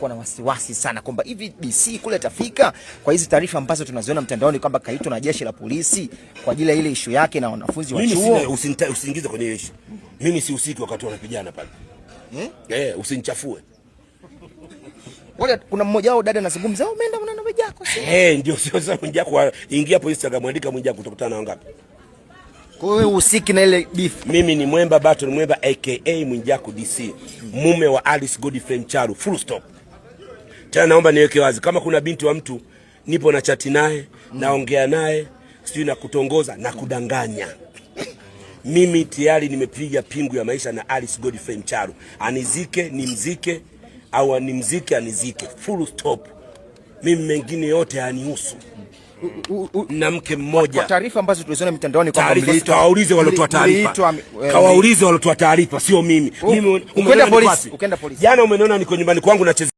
nilikuwa na wasiwasi sana kwamba hivi e DC kule tafika kwa hizi taarifa ambazo tunaziona mtandaoni kwamba kaitwa na jeshi la polisi kwa ajili ya ile ishu yake na wanafunzi wa chuo. Usiingize kwenye ishu, mimi si sihusiki wakati wanapigana pale hmm? Eh, usinichafue wale. Kuna mmoja wao dada anazungumza, wewe oh, umeenda una na mjako sio? Eh, ndio sio sasa mjako, ingia hapo Instagram, andika mjako, utakutana na wangapi? Kwa hiyo usiki na ile beef. Mimi ni Mwemba Battle, Mwemba aka Mwijaku DC, mume wa Alice Godfrey Mcharu. Full stop. Tena naomba niweke wazi, kama kuna binti wa mtu nipo na chati naye naongea naye sijui na kutongoza na kudanganya mimi tayari nimepiga pingu ya maisha na Alice Godfrey Mcharu, anizike nimzike, au animzike anizike, full stop. Mimi mengine yote yanihusu Na mke mmoja, taarifa ambazo tuliziona mitandaoni kwamba mliitwa, waulize walotoa taarifa, um, kawaulize walotoa taarifa, sio mimi. Mimi umekwenda polisi, ukaenda polisi. Jana umeniona niko nyumbani kwangu na